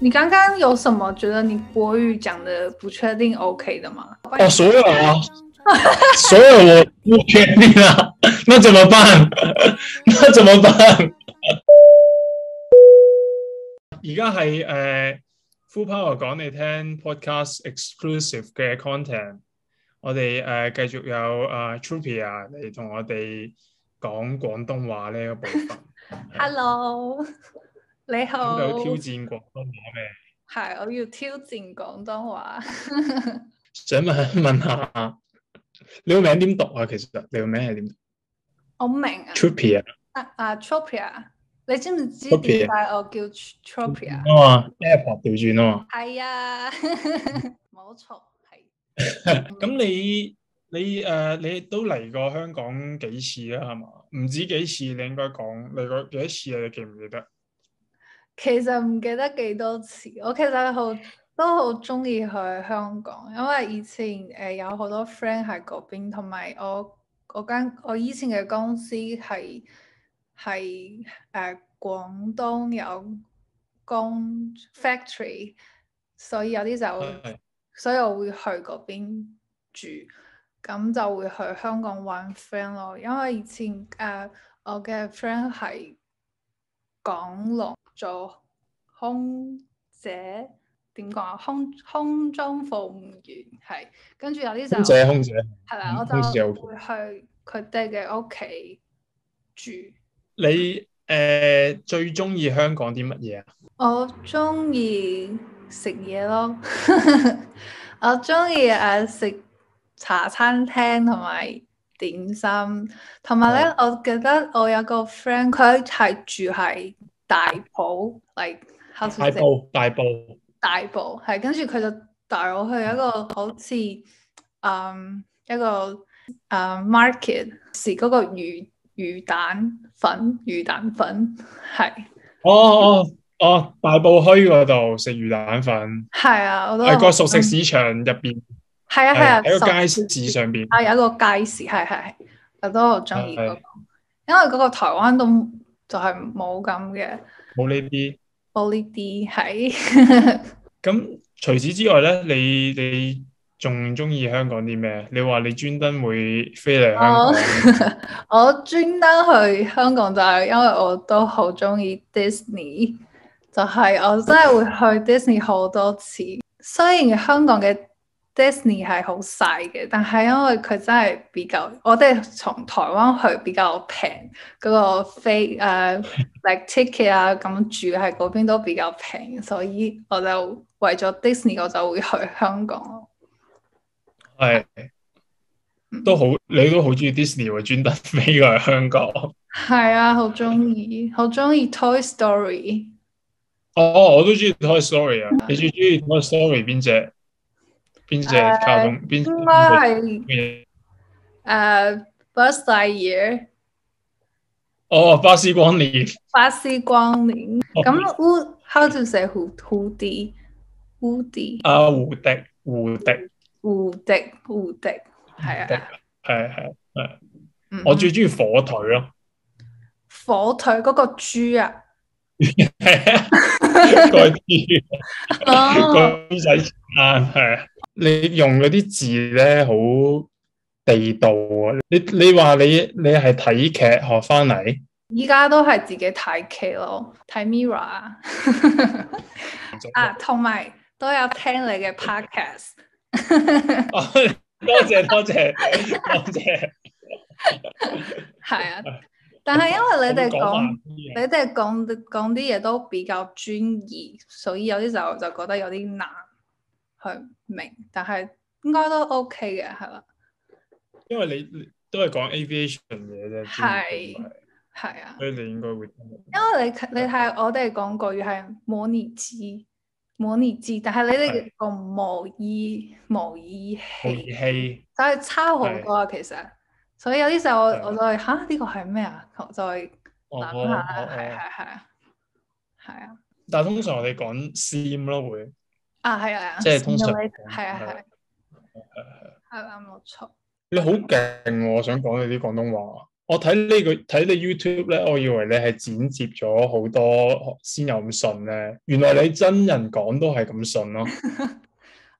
你剛剛有什麼覺得你國語講得不確定 OK 的嗎？哦，所有啊， 所有我不確定啊，那怎麼辦？那怎麼辦？而家係誒，Full Power 講你聽 Podcast exclusive 嘅 content，我哋誒繼續有誒、呃、Trupia 你同我哋講廣東話呢一部分。 Hello。你好，你要挑戰廣東話咩？係、啊，我要挑戰廣東話。 想問問下，你個名點讀啊？其實你個名係點讀？我唔明，Tropia，啊啊，啊 Tropia，你知唔知點解我叫 Tropia。啊嘛，Airport 調轉啊嘛。係啊，冇是、啊、 錯，係。咁、 嗯、你你誒、啊、你都嚟過香港幾次啊？係嘛，唔知幾次，你應該講你個幾多次啊？你記唔記得？其實唔記得幾多次，我其實好都好中意去香港，因為以前誒、呃、有好多 friend 喺嗰邊，同埋我我間我以前嘅公司係係誒廣東有工 factory，所以有啲就是是所以我會去嗰邊住，咁就會去香港玩 friend 咯，因為以前誒、呃、我嘅 friend 係港龍。做空姐點講啊？空空中服務員係，跟住有啲就空姐，空姐係啦，我就會去佢哋嘅屋企住。你誒、呃、最中意香港啲乜嘢啊？我中意食嘢咯，我中意誒食茶餐廳同埋點心，同埋咧，好我記得我有一個 friend 佢係住喺。大埔 l、like，黑大埔，大埔。大埔係，跟住佢就帶我去一個好似，嗯，一個啊、嗯、market，食嗰個魚魚蛋粉，魚蛋粉係。哦哦哦，大埔墟嗰度食魚蛋粉。係啊，我都喺個熟食市場入邊。係啊係啊，喺個街市上邊。啊，有一個街市，係係係，我都好中意嗰個，啊啊、因為嗰個台灣都。就係冇咁嘅，冇呢啲，冇呢啲係。咁除 此之外咧，你你仲中意香港啲咩？你話你專登會飛嚟香港？我， 我專登去香港就係因為我都好中意 Disney，就係我真係會去 Disney 好多次。 雖然香港嘅 Disney 係好細嘅，但係因為佢真係比較，我哋從台灣去比較平嗰、嗰個飛誒、啊、 like ticket 啊，咁住喺嗰邊都比較平，所以我就為咗 Disney，我就會去香港。係，都好，你都好中意 Disney 喎，專登飛過去香港。係 啊，好中意，好中意 Toy Story。哦，我都中意 Toy Story 啊！ 你最中意 Toy Story 邊隻？邊隻卡通？邊邊個係？誒、uh, 些 uh,，first year。哦，巴斯光年。巴斯光年，咁烏、oh.？How to say 胡胡迪？胡迪。迪啊，胡迪，胡迪，胡迪，胡迪，係啊，係係啊。我最中意火腿咯、啊。火腿嗰、那個豬啊！係啊，個字 年，個字仔單係啊，你用嗰啲字咧好地道，你你 啊！你你話你你係睇劇學翻嚟，依家都係自己睇劇咯，睇 mirror 啊，同埋都有聽你嘅 podcast 多謝多謝多謝，係 啊。但係因為你哋講，你哋講講啲嘢都比較專業，所以有啲時候就覺得有啲難去明。但係應該都 OK 嘅，係嘛？因為你，你都係講 aviation 嘢啫，係係是啊，所以你應該會聽，因為你吧你睇下我哋講句係模擬機模擬機，但係你哋講模擬模擬器，但係是差好多啊，是其實。所以有啲時候我我就係吓，呢個係咩啊？就係諗下啦，係係啊，係啊！但係通常我哋講 c m 咯，會啊係啊，即係通常係啊係係係啦，冇錯。你好勁，我想講你啲廣東話，我睇呢個睇你 YouTube 咧，我以為你係剪接咗好多先有咁順咧，原來你真人講都係咁順咯。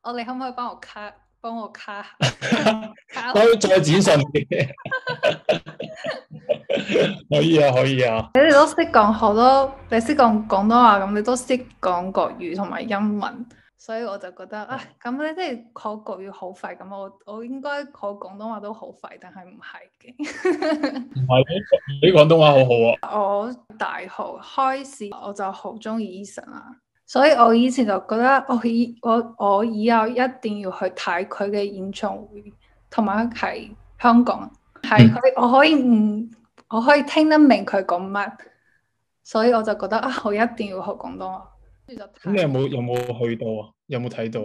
我哋可唔可以幫我 cut？幫我卡下，卡下 可以再展示 可以啊，可以啊。你哋都識講好多，你識講廣東話咁，你都識講國語同埋英文，所以我就覺得啊，咁咧即係學國語好快，咁我我應該學廣東話都好快，但係唔係嘅。唔 係，你你廣東話好好啊！我大學開始我就好中意 Eason 啊。所以我以前就覺得我以我我以後一定要去睇佢嘅演唱會，同埋喺香港，係佢、嗯、我可以唔我可以聽得明佢講乜，所以我就覺得啊，我一定要學廣東話。咁你有冇有冇去到啊？有冇睇到？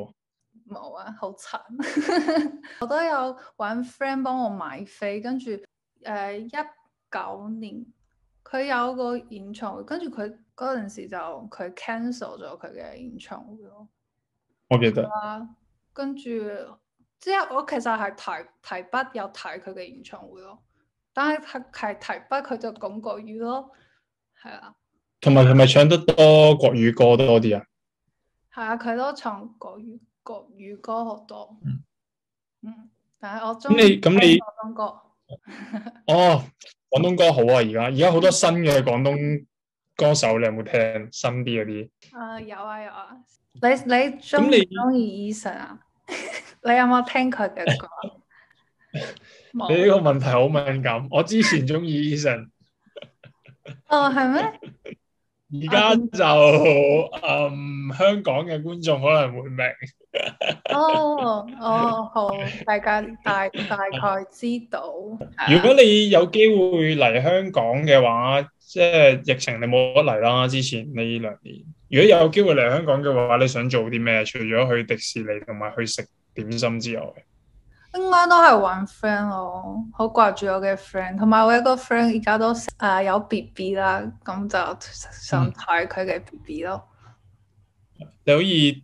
冇啊，好慘！ 我都有揾 friend 幫我買飛，跟住誒一九年佢有個演唱會，跟住佢。嗰陣時就佢 cancel 咗佢嘅演唱會咯。我記得。跟住之後，即我其實係提提筆有睇佢嘅演唱會咯。但係提提提筆佢就講國語咯。係啊。同埋係咪唱得多國語歌多啲啊？係啊，佢都唱國語國語歌好多。嗯。嗯，但係我中意。咁你咁你？廣東歌。 哦，廣東歌好啊！而家而家好多新嘅廣東。歌手你有冇聽新啲嗰啲？啊有啊有啊，你你中唔中意 Eason 啊？你有冇聽佢嘅歌？你呢個問題好敏感，我之前中意 Eason。哦係咩？而家就嗯香港嘅觀眾可能會明。哦哦好，大家大大概知道。如果你有機會嚟香港嘅話。即係疫情你冇得嚟啦，之前呢兩年。如果有機會嚟香港嘅話，你想做啲咩？除咗去迪士尼同埋去食點心之外，應該都係玩 friend 咯。好掛住我嘅 friend，同埋我一個 friend 而家都誒、呃、有 BB 啦，咁就想睇佢嘅 BB 咯。嗯、你好易。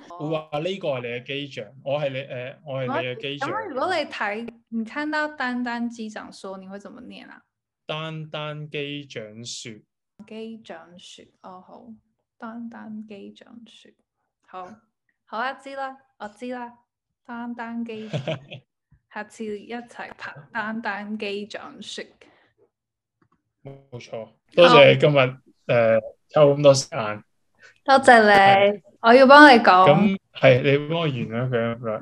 我話呢個係你嘅機長，我係你誒、呃，我係你嘅機長。咁如果你睇，唔聽到丹丹機長說，你會怎麼念啦、啊？丹丹機長說，機長說，哦好，丹丹機長說，好，好啊，知啦，我知啦，丹丹機長， 下次一齊拍丹丹機長說，冇錯，多謝你今日誒、oh. 呃、抽咁多時間。多謝你，我要幫你講。咁係，你幫我完啦，咁樣。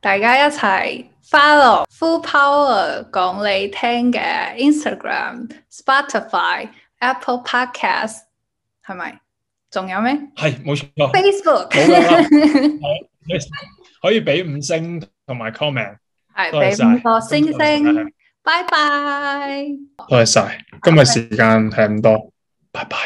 大家一齊 follow full power 講你聽嘅 Instagram、Spotify、Apple Podcast，係咪？仲有咩？係冇錯。Facebook 好啊，可以可以俾五星同埋 comment，俾五星星，拜拜。多謝晒，今日時間係咁多，拜拜。